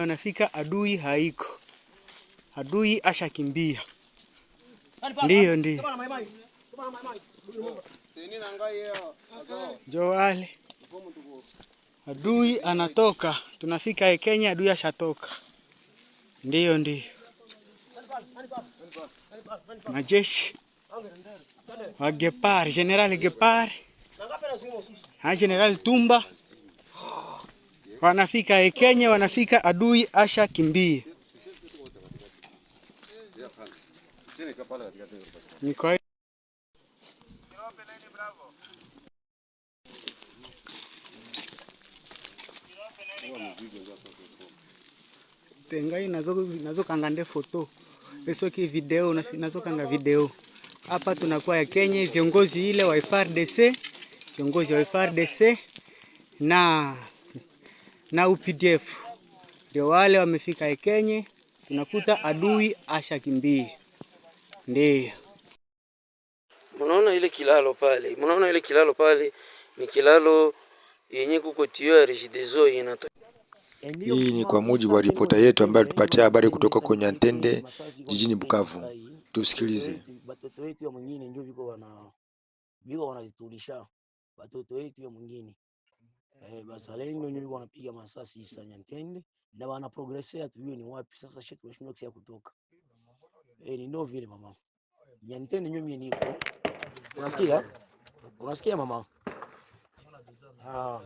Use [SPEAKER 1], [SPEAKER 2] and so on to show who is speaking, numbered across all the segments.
[SPEAKER 1] Wanafika adui haiko, adui ashakimbia. Yaani ndiyo, ndiyo joale, adui anatoka. Tunafika e Kenya, adui ashatoka. Ndiyo, ndiyo majeshi wa Gepar, General Gepar General Tumba Wanafika Ekenye, wanafika adui asha kimbie. Tengai kanga nde foto esoki video nazokanga video hapa tunakuwa ya Kenya, viongozi ile wa FRDC, viongozi wa FRDC na na UPDF ndio wale wamefika Ekenye, tunakuta adui ashakimbie. Ndio
[SPEAKER 2] mnaona ile kilalo pale, mnaona ile kilalo pale ni kilalo yenye kuko tio ya Regideso
[SPEAKER 3] Hii ni kwa mujibu wa ripota yetu ambayo tupatia habari kutoka kwenye Antende jijini Bukavu. Tusikilize. Watoto wetu ya mwingine ndio viko wana viko wanazitulisha watoto wetu ya mwingine eh, bazalendo wenyewe wanapiga masasi Sanyantende na wana progresea tu, ni wapi sasa? Shit, tunashindwa kisia kutoka eh, ni ndo vile mama Nyantende nyomi niko. Unasikia? Unasikia mama? Ah.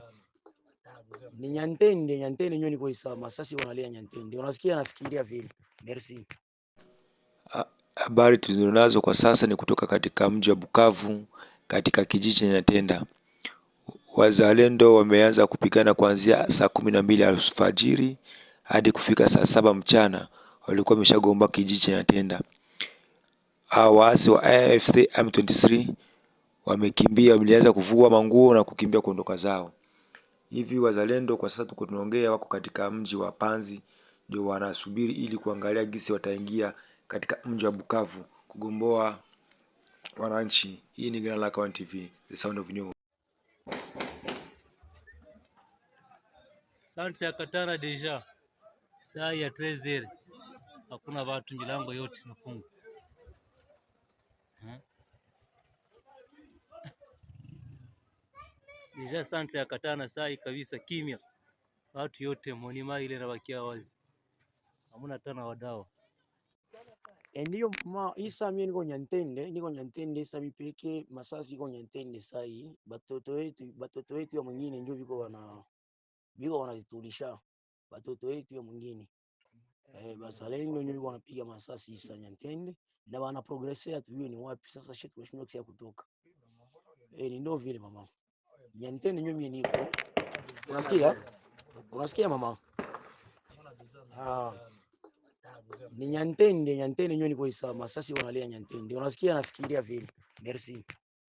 [SPEAKER 3] Ni Nyantende, Nyantende nyomi niko isa masasi wanalia Nyantende. Unasikia nafikiria vile. Merci. Habari tulizonazo kwa sasa ni kutoka katika mji wa Bukavu katika kijiji cha Nyatenda. Wazalendo wameanza kupigana kuanzia saa kumi na mbili alfajiri hadi kufika saa saba mchana, walikuwa wameshagomba kijiji cha Nyatenda. Waasi wa AFC M23 wamekimbia, walianza kuvua manguo na kukimbia kuondoka zao. Hivi wazalendo kwa sasa tuko tunaongea, wako katika mji wa Panzi, ndio wanasubiri ili kuangalia gisi wataingia katika mji wa Bukavu kugomboa wananchi. Hii ni Grand Lac TV, the sound of new
[SPEAKER 4] Sante ya katara deja saa ya trezere, hakuna watu, milango yote nafunga. Deja sante ya katana sai kabisa, kimya, watu yote monima ile na wakia wazi, hamuna tana wadawa
[SPEAKER 5] eh, ndiyo ma isa mie niko nyantende niko nyantende isa mipeke masasi iko nyantende sai batoto wetu batoto wetu ya mwingine njo biko wana biko wanazitulisha watoto wetu ya mwingine eh, eh, eh basalengo eh, wenyewe wanapiga masasi sanyantende na wana progresea tujue ni wapi sasa. Shetu tunashindwa kisia kutoka eh, ni ndio vile mama nyantende nyo mimi niko unasikia, unasikia mama ah, ni nyantende nyantende nyo niko isa masasi wanalia nyantende, unasikia, nafikiria vile merci